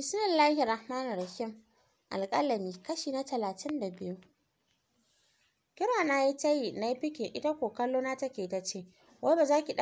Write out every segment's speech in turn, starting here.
Bismillahir Rahmanir Rahim. Alƙalami kashi na talatin da biyu. Kira na yi ta yi na yi fike ita ko kallo na take ta ce, wai ba za ki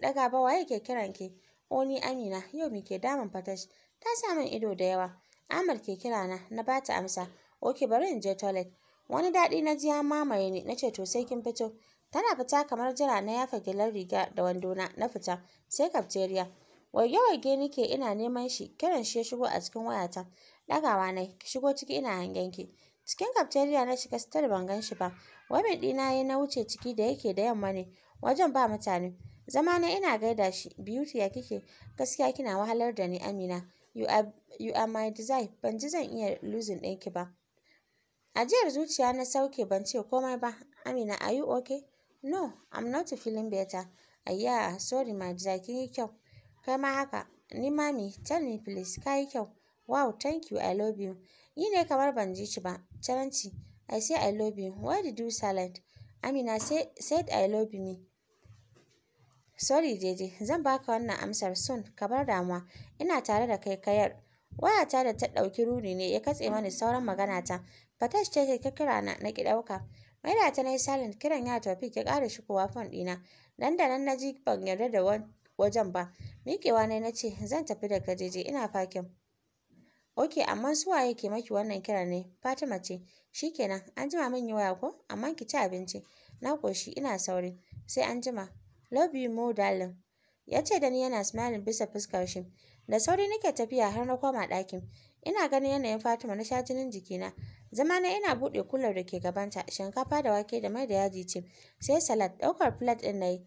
ɗaga ba waye ke kiran ki? oni Amina, yau me ke damun fatash? Ta sa min ido da yawa. Ahmad ke kira na, na ba ta amsa. Oke bari in je toilet. Wani daɗi na ji ya mamaye ni, na ce to sai kin fito. Tana fita kamar jira na yafa gilar riga da na na fita, sai kafteriya. Warge-warge nike ina neman shi, kiran shi ya shigo a cikin wayata. Ɗagawa na ki shigo ciki ina hangen ki. Cikin kafteriya na shiga sitar ban gan shi ba. Wabin ɗina ya na wuce ciki da yake da yamma ne, wajen ba mutane. Zama na ina gaida shi, Beauty ya kike? Gaskiya kina wahalar da ni Amina. You are, you are my desire, ban ji zan iya losing ɗinki ba. Ajiyar zuciya na sauke ban ce komai ba. Amina, are you okay? No, I'm not feeling better. Ayya, sorry my desire, kin yi kyau. Kai ma haka. Ni mami, tell me please, ka yi kyau. Wow, thank you, I love you. Ni ne kamar ban ji shi ba. Charanci, I say I love you. Why did you silent? Amina say, said I love me. Sorry, Jeje, zan baka wannan amsar Sun, ka bar damuwa. Ina tare da kai kayar. Wayata da ta ɗauki ruri ne ya katse mani sauran maganata. Fatash ce ta kira na na ki ɗauka. Maida ta na yi silent kiran ya tafi ki ƙara shigowa fon ɗina. Nan da nan na ji ban yarda da wani wajen ba miƙewa ne na ce zan tafi da jeje ina fakin ok amma su waye ke maki wannan kira ne fatima ce Shi shikenan an jima min yi waya ko amma ki ci abinci na ƙoshi ina sauri sai an jima love you more darling ya ce da ni yana smiling bisa fuskar shi da sauri nake tafiya har na koma ɗakin ina ganin yanayin fatima na sha jinin jikina zama na ina buɗe kular da ke gabanta shinkafa da wake da mai da yaji ce sai salad ɗaukar plate ɗin na yi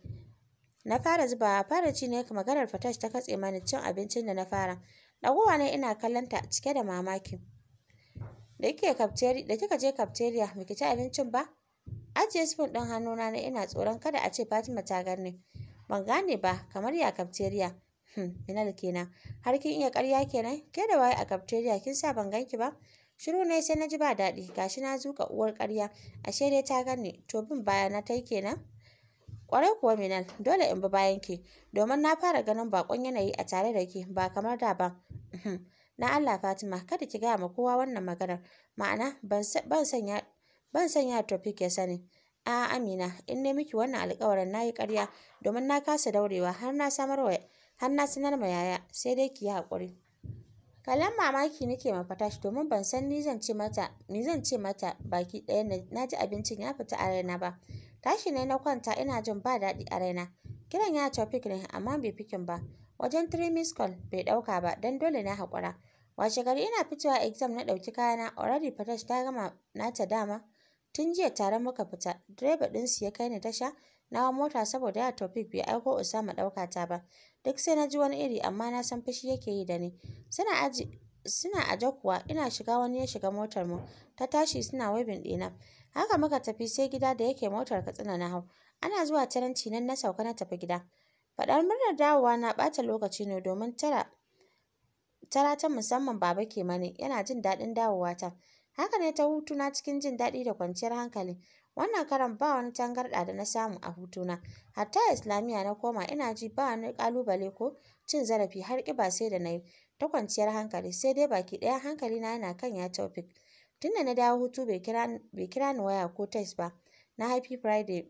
na fara zubawa fara ci ne maganar Fatash ta katse mani cin abincin da na fara ɗagowa ne ina kallon ta cike da mamaki da kike kafteri, da kika je kafteriya miki ci abincin ba ajiye sifin ɗin hannuna ne ina tsoron kada a ce Fatima ta gane ban gane ba kamar ya kafteriya hmm ina kenan har kin iya ƙarya kenan ke da waye a kafteriya kin sa ban ganki ba shiru ne sai na ji ba daɗi gashi na zuƙa uwar ƙarya ashe dai ta gane to bin baya na tai kenan Kwarai kuwa Minal, dole in bi bayan ki, domin na fara ganin bakon yanayi a tare da ki ba kamar da ba. Uhm, na Allah Fatima, kada ki gaya ma kowa wannan maganar. Ma'ana ban sanya ban sanya Tofik ya sani. A Amina, in ne miki wannan alƙawarin nayi ƙarya domin na kasa daurewa har na samar har na sanar ma yaya, sai dai ki yi haƙuri. Kalan mamaki nake ma Fatash domin ban san ni zan ce mata, ni zan ce mata baki ɗaya na ji abincin ya fita a raina ba. Tashi ne na kwanta ina jin ba daɗi a raina. Kiran ya tofik ne amma bai fikin ba. Wajen three call bai ɗauka ba don dole na haƙura. Washe gari ina fitowa exam na ɗauki kayana already Fatash ta gama nata dama. Tun jiya tare muka fita. Direba su ya kai ni tasha. Na hawa mota saboda ya Taufik bai aiko Usama ɗauka ta ba. Duk sai na ji wani iri amma na san fushi yake yi da ni. Suna a suna kuwa ina shiga wani ya shiga motar mu ta tashi suna webin ɗina Haka muka tafi sai gida da yake motar Katsina na hau. Ana zuwa taranci nan na sauka na tafi gida. Faɗar murnar dawowa na ɓata lokaci ne domin tara tara ta musamman baba ke mani yana jin daɗin dawowa ta. Haka ne ta hutuna cikin jin daɗi da kwanciyar hankali. Wannan karan ba wani tangarɗa da na samu a hutuna. Hatta Islamiyya na koma ina ji ba wani kalubale ko cin zarafi har kiba sai da na yi ta kwanciyar hankali sai dai baki ɗaya hankali na yana kan ya Taufik. Tunda na dawo hutu bai kira ni waya ko text ba. Na haifi Friday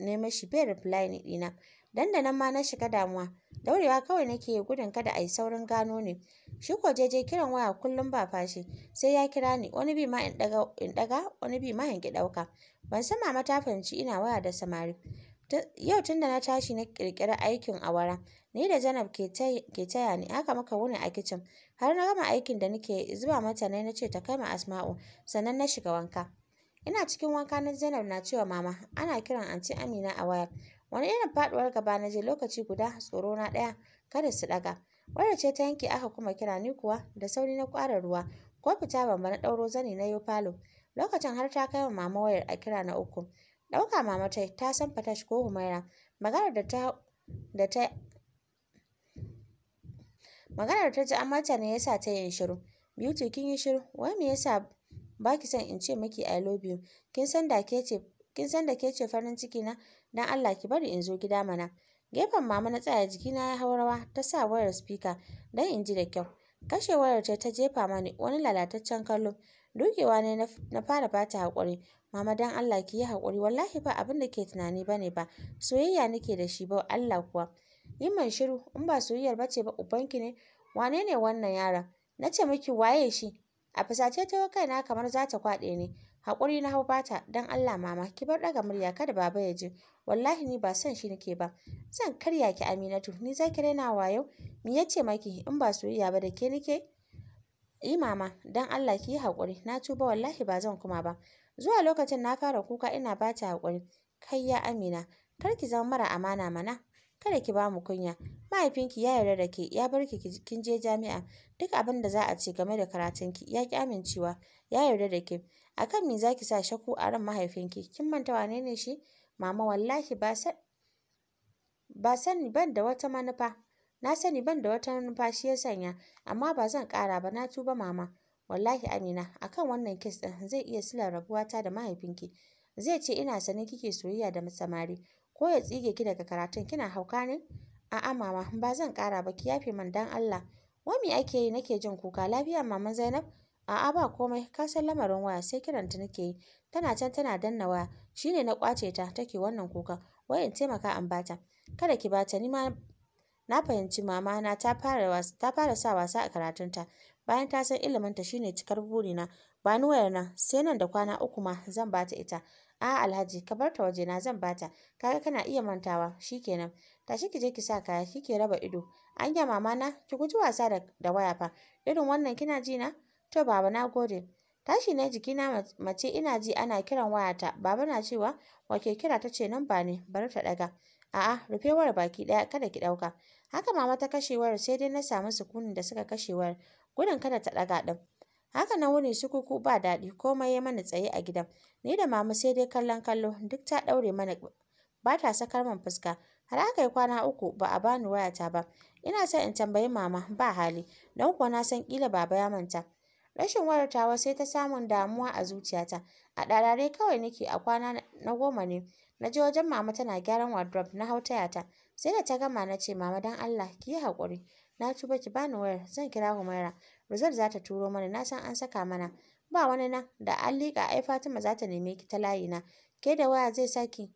ne mashi bai reply ni ɗina. Dandanan ma na shiga damuwa. Daurewa kawai nake gudun kada a yi saurin gano ni. Shi ko jeje kiran waya kullum ba fashi. Sai ya kira ni wani bi ma in ɗaga wani bi ma in ki ɗauka. Ban san mama ta fahimci ina waya da samari. Yau tunda na tashi na kirkira aikin awara. Ni da Janab ke taya ni haka muka wuni a kicin. Har na gama aikin da nake zuba mata ne na ce ta kai ma Asma'u sannan na shiga wanka. Ina cikin wanka na Zainab na cewa mama ana kiran anti Amina a wayar. Wani irin faduwar gaba na je lokaci guda tsoro na ɗaya kada su ɗaga. Wadda ce ta yanke aka kuma kira ni kuwa da sauri na kwara ruwa ko fita ban na ɗauro zani na yo falo. Lokacin har ta kai wa mama wayar a kira na uku. Ɗauka mama ta ta san Fatash ko Humaira. Maganar da ta da ta Maganar ta ji an ne yasa ta yi shiru. Beauty kin yi shiru, wai me yasa ba ki son in ce miki I love you? Kin san da ke ce kin san da ke ce farin ciki na? Dan Allah ki bari in zo gida mana. Gefen mama na tsaya jiki na ya hau rawa ta sa wayar speaker dan in ji da kyau. Kashe wayar ta ta jefa mani wani lalataccen kallo. Dukewa ne na fara bata haƙuri. Mama dan Allah ki yi haƙuri wallahi ba abin da ke tunani bane ba. Soyayya nake da shi ba Allah kuwa. Yi man shiru in ba soyayyar bace ba ubanki ne. Wane ne wannan yaron? Na ce miki waye shi? A fusace ta kaina kamar za ta kwaɗe ni. Haƙuri na hau bata don Allah mama ki bar ɗaga murya kada baba ya ji. Wallahi ni ba son shi nake ba. Zan karya ki Aminatu ni za ki raina wa yau. ya ce maki in ba soyayya ba da ke nake Yi mama don Allah ki yi haƙuri na tuba wallahi ba zan kuma ba. Zuwa lokacin na fara kuka ina bata haƙuri. Kai ya Amina kar ki zama mara amana mana. kada ki bamu kunya mahaifinki ya yarda da ke ya bar ki kin je jami'a duk abin da za a ce game da karatunki ya ki amincewa ya yarda da ke akan me zaki sa shaku a ran mahaifinki kin manta wane ne shi mama wallahi ba sa ba sani ban da wata manufa na sani ban da wata manufa shi ya sanya amma ba zan kara ba na tuba mama wallahi amina akan wannan kes ɗin zai iya sila rabuwata da mahaifinki zai ce ina sanin kike soyayya da samari ko ya tsige ki daga karatun kina hauka ne a'a mama ba zan ƙara ba ki yafe man dan Allah wai me ake yi nake jin kuka lafiya maman Zainab a'a ba komai ka san lamarin waya sai kiranta nake yi tana can tana danna waya shi ne na kwace ta take wannan kuka wai in taimaka an bata kada ki bata ni ma na fahimci mama na ta fara ta fara sa wasa a karatunta bayan ta san iliminta shine cikar burina ba ni wayar nan sai nan da kwana uku ma zan bata ita a alhaji ka bar ta waje na zan bata kaga kana iya mantawa shikenan tashi ki je ki sa kaya kike raba ido an ya mama na ki guji wasa da, da waya fa irin wannan kina ji na to baba na gode tashi na jikina mace ina ji ana kiran wayata baba na cewa wake kira ta ce nan ba ne bari ta daga a'a rufe wayar baki daya kada ki dauka haka mama ta kashewar sai dai na samu sukunin da suka kashewar. gudun kada ta ɗaga ɗin. Haka nan wuni su kuku ba daɗi komai ya mana tsaye a gidan. Ni da mama sai dai kallon kallo duk ta ɗaure mana ba ta sakar man fuska. Har aka yi kwana uku ba a bani wayata ba. Ina son in tambayi mama ba hali don kuwa na san ƙila baba ya manta. Rashin wayar tawa sai ta samun damuwa a zuciyata. A ɗarare kawai nake a kwana na goma ne. Na je wajen mama tana gyaran wardrobe na hau tayata. Sai da ta gama na ce mama don Allah ki yi haƙuri. na tuba ki bani wayar zan kira Humaira Rizal za ta turo mana na san an saka mana ba wani nan da an liƙa ai Fatima za ta neme ki ta layi na ke da waya zai saki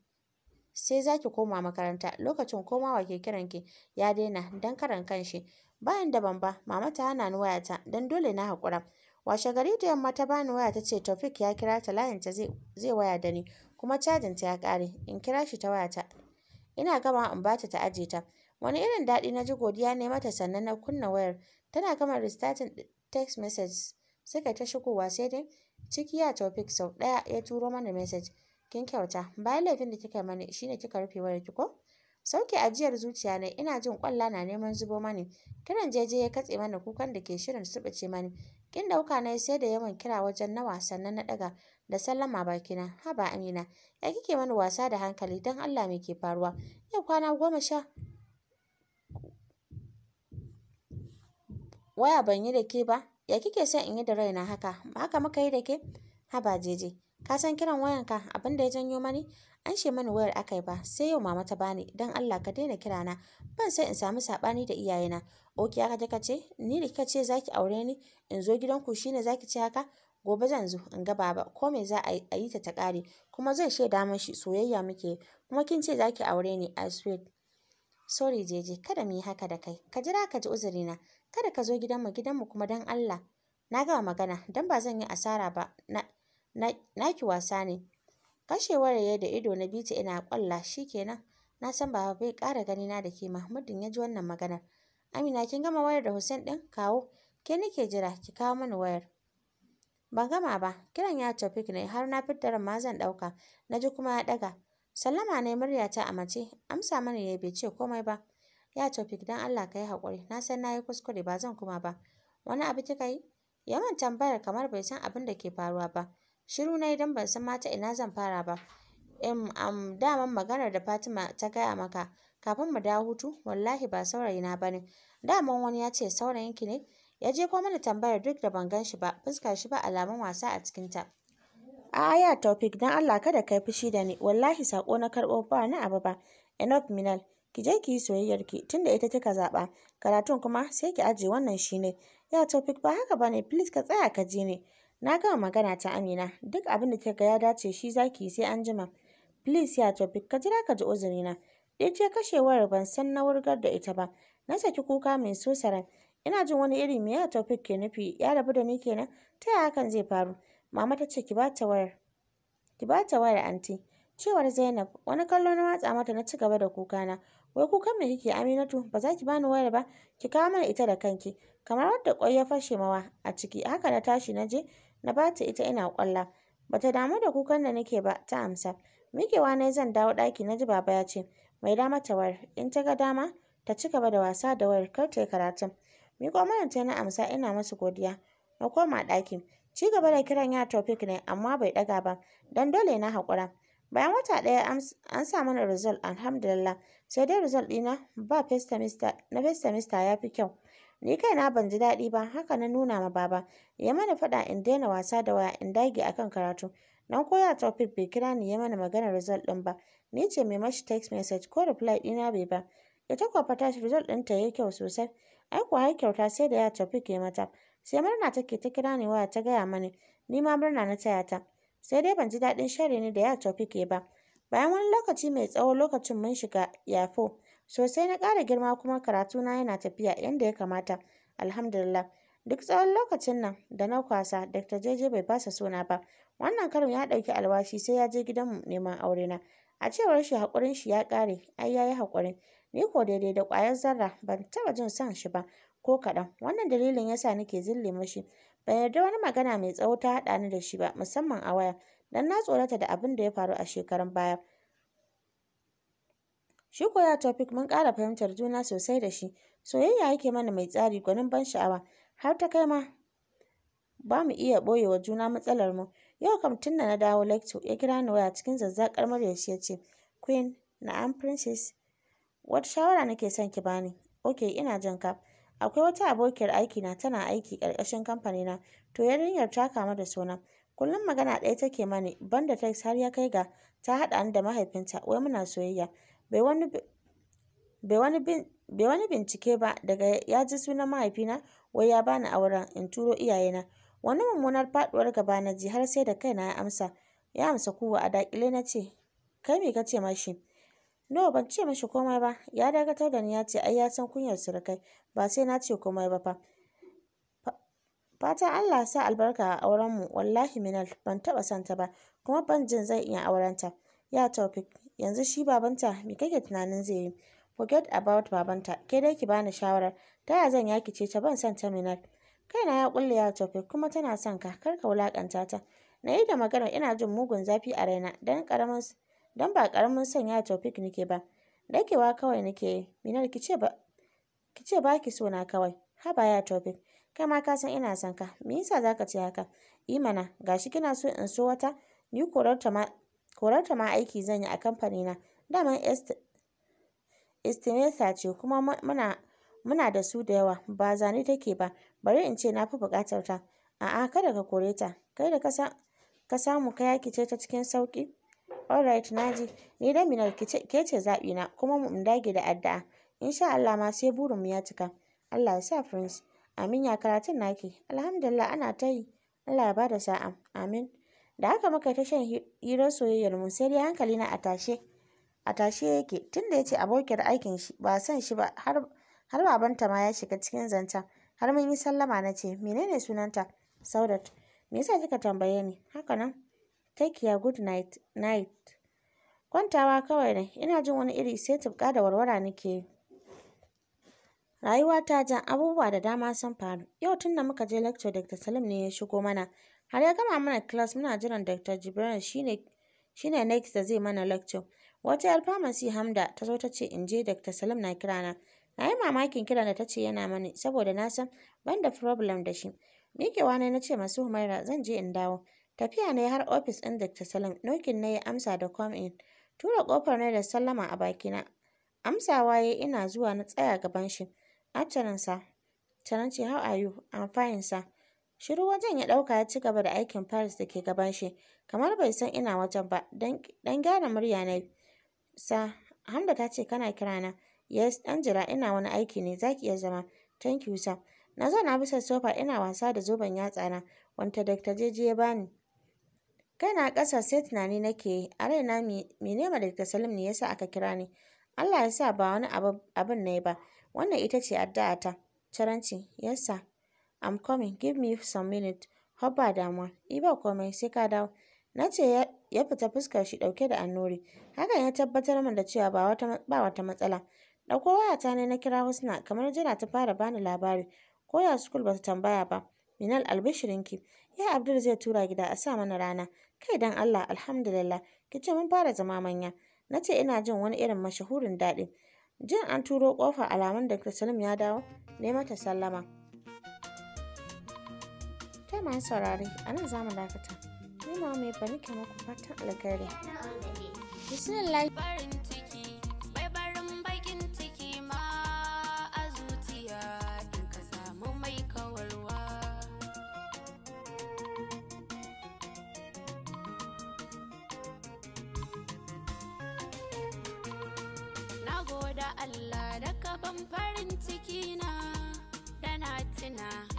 sai za ki koma makaranta lokacin komawa ke kiranki ya daina dan karan kanshi bayan da bamba mama ta hana ni wayata don dole na hakura washe gari da yamma ta bani waya ta ce tofik ya kira ta layin ta zai waya da ni kuma cajin ta ya kare. in kira shi ta wayata ina gama in bata ta ajiye ta Wani irin daɗi na ji godiya ne mata sannan na kunna wayar. Tana gama restarting text message suka ta shigowa sai dai ciki ya Taufik sau ɗaya ya turo mana message. Kin kyauta, bayan laifin da kika mani shine kika rufe wayar ki ko? Sauke ajiyar zuciya ne ina jin ƙwalla na neman zubo mani. Kiran jeje ya katse mana kukan da ke shirin suɓuce mani. Kin ɗauka na sai da yawan kira wajen nawa sannan na ɗaga da sallama bakina. Haba Amina, ya kike mani wasa da hankali don Allah me ke faruwa? Yau kwana goma sha waya ban yi da ke ba ya kike son in yi da raina haka ba haka muka yi da ke haba jeje ka san kiran wayanka abin da ya janyo mani an she mani wayar akai ba sai yau mama ta bani dan Allah ka daina kirana ban sai in samu sabani da iyayena oki aka ka kace ni da kika ce zaki aure ni in zo gidan gidanku shine zaki ce haka gobe zan zo in ga baba ko me za a yi ta ta kare kuma zan shaida shi soyayya muke kuma kin ce zaki aure ni i swear sorry jeje kada mu yi haka da kai ka jira ka ji uzurina kada ka zo gidanmu gidanmu kuma don Allah na gama magana don ba zan yi asara ba na naki wasa ne kashewar ya da ido na bita ina kwalla kenan na san ba bai ƙara gani na da ke Mahmudin ya ji wannan magana. Amina kin gama wayar da Hussein din kawo ke nake jira ki kawo mani wayar ban gama ba kiran ya Taufik ne har na fitar ma zan dauka naji kuma ya daga sallama ne ta a mace amsa mana ya bai ce komai ba Ya Tofik dan Allah ka yi haƙuri, na san na kuskure ba zan kuma ba. Wani abu kika yi? Yawan tambayar kamar bai san abin da ke faruwa ba. Shiru na idan ban san mata ina zan fara ba. Em, am, daman maganar da Fatima ta gaya maka, kafin mu dawo hutu, wallahi ba saurayina ba ne. Daman wani ya ce saurayinki ne, ya je ko mana tambayar duk da ban gan shi ba, fuskar shi ba alamun wasa a cikin ta A'a ya Tofik, dan Allah kada ka fushi da ni, wallahi sako na karɓo ba na abu ba. Enough Minal, ki je ki yi soyayyar ki tunda ita kika zaɓa karatun kuma sai ki ajiye wannan shine ya Taufik ba haka bane please ka tsaya ka je ne na gama magana ta Amina duk abin da kika ya dace shi zaki yi sai an jima please ya Taufik ka jira ka ji uzuri na dai je kashewar ban san na wurgar da ita ba na saki kuka mai sosaran ina jin wani iri me ya Taufik ke nufi ya rabu da ni kenan ta yaya hakan zai faru mama ta ce ki ba ta wayar ki ba ta wayar anti cewar Zainab wani kallo na watsa mata na ci gaba da kuka na wai kukan me kike Aminatu ba za ki bani wayar ba ki kawo mana ita da kanki kamar wadda kwai ya fashe mawa a ciki haka na tashi na je na bata ita ina kwalla bata damu da kukan da nake ba ta amsa Mikewa ne zan dawo daki. na ji baba ya ce mai dama ta wayar in ta ga dama ta ci gaba da wasa da wayar kar ta yi karatun miƙo mana ta na amsa ina masa godiya na koma ɗakin ci gaba da kiran ya topic ne amma bai ɗaga ba dan dole na haƙura Bayan wata ɗaya an sa mana result alhamdulillah sai dai result ɗina ba first semester na first semester ya fi kyau. Ni kai na ban ji daɗi ba haka na nuna ma baba ya mana faɗa in daina wasa da waya in dage akan karatu. Nan koya topic bai kira ni ya mana magana result ɗin ba. Ni ce mai mashi text message ko reply ɗina bai ba. Ita kuwa fata result ɗinta ya yi kyau sosai. Ai kuwa har kyauta sai da ya topic ya mata. Sai murna take ta kira ni waya ta gaya mani. Ni ma murna na taya ta. sai dai ban ji daɗin share ne da ya Taufik ya ba. Bayan wani lokaci mai tsawo lokacin mun shiga yafo, sosai na ƙara girma kuma karatu na yana tafiya yadda ya kamata, alhamdulillah. Duk tsawon lokacin nan da na kwasa, Dr. JJ bai fasa suna ba. Wannan karin ya ɗauki alwashi sai ya je gidan neman aure na A cewar shi haƙurin shi ya ƙare, ai ya yi haƙurin. Ni ko daidai da ƙwayar zarra ban taɓa jin son shi ba, ko kaɗan wannan dalilin yasa nake zille mashi ban yarda wani magana mai tsawo ta haɗa ni da shi ba musamman a waya dan na tsorata da abin da ya faru a shekarun baya shi ko ya topic mun ƙara fahimtar juna sosai da shi soyayya yake mana mai tsari gwanin ban sha'awa har ta kai ma ba mu iya ɓoye wa juna matsalar mu yau kam tun na dawo lecture ya kira ni waya cikin zazzakar murya shi ya ce queen na'am princess wata shawara nake son ki bani ok ina jin ka Akwai wata abokiyar aiki na tana aiki ƙarƙashin na to yarinyar ta kama da suna. Kullum magana ɗaya take mani, banda da har ya kai ga ta haɗa ni da mahaifinta wai muna soyayya. Bai wani bai wani bincike ba daga ya ji sunan mahaifina wai ya bani auren in turo iyayena. Wani mummunar faɗuwar gaba na ji har sai da kai na ya amsa ya amsa kuwa a daƙile na ce, kai me ka ce mashi? No, ban ce mashi komai ba. Ya dakatar da ni ya ce, ai ya san kunyar surukai, ba sai na ce komai ba fa. Fatan Allah sa albarka a aurenmu, wallahi Minal, ban taɓa ta ba, kuma ban jin zai iya aurenta. Ya Taufik, yanzu shi babanta, me kake tunanin zai yi? Forget about babanta, ke dai ki bani shawarar, ta ya zan yaki ce ta ban ta Minal. Kaina ya kulle ya Taufik, kuma tana son ka, kar ka wulakanta ta. Na yi da magana ina jin mugun zafi a raina, don karamin don ba ƙaramin sanya tofik nake ba. Dakewa kawai nake yi, Minar ki ce ba ki ce so na kawai. Haba ya tofik kai ma ka san ina son ka, me yasa za ce haka? Imana, gashi kina so in so wata, ni korarta ma ma aiki zan yi a kamfani na dama estimator ce kuma muna da su da yawa, ba zane take ba, bari in ce na fi buƙatar ta. A'a, kada ka kore ta, kai da ka samu ka ce ta cikin sauƙi. alright naji ni dai minar ke ce zaɓi na kuma mu dage da addu'a insha Allah ma sai burin mu ya cika Allah ya sa prince amin ya karatun naki alhamdulillah ana ta yi Allah ya bada sa'a amin da haka muka ta shan hirar soyayyar mu sai dai hankali na a tashe a tashe yake tunda yace abokiyar aikin shi ba san shi ba har har babanta ma ya shiga cikin zancen har mun yi sallama na ce menene sunanta saudat me yasa kika tambaye ni haka nan Take ya good night, night. Kwantawa kawai ne, ina jin wani iri sai tufka da warwara nake Rayuwa ta jan abubuwa da dama sun faru. Yau tun da muka je lecture Dr. Salim ne ya shigo mana. Har ya gama mana class muna jiran Dr. jibran shine shine next da zai mana lecture. Wata yar pharmacy Hamda ta zo ta ce in je Dr. Salim na kira na. Na yi mamakin kiran da ta ce yana mani saboda na san ban da problem da shi. Mikewa ne na ce masu Humaira zan je in dawo. Tafiya na har ofis ɗin Dr. Salim, nokin na yi amsa da come in. Tura kofar na da sallama a bakina. Amsawa ya ina zuwa na tsaya gaban shi. sa, tanan ce how are you? I'm fine Shiru wajen ya ɗauka ya ci gaba da aikin Paris da ke gaban shi, kamar bai san ina wajen ba, dan gyara murya na Sa, Hamda ta ce kana kira na. Yes, ɗan jira ina wani aiki ne, zaki iya zama. Thank you sa. Na zauna bisa sofa ina wasa da zoben yatsa na, wanta Dr. Jeji ya bani. Kaina ƙasa sai tunani nake yi, a raina mene da Salim ne ya sa aka kira ni. Allah ya sa ba wani abin na yi ba, wannan ita ce addu'ata. Caranci, yasa, I'm coming, give me some minute. Hobba damuwa, iba komai sai ka dawo. Na ce ya fita fuskar shi ɗauke da annori. Hakan ya tabbatar min da cewa ba wata matsala. Ɗauko wayata ne na kira Husna kamar jira ta fara bani labari. Ko ya sukul ba tambaya ba. Minal albishirinki. Ya Abdul zai tura gida a sa mana rana. Kai dan Allah alhamdulillah ki ce mun fara zama manya. Na ce ina jin wani irin mashahurin daɗi. Jin an turo ƙofa alamun da Salim ya dawo ne mata sallama. Ta ma a nan za mu dakata. Ni ma mai bani ke muku fatan alkhairi. Bismillah. Allah da kaban farin ciki na tana tina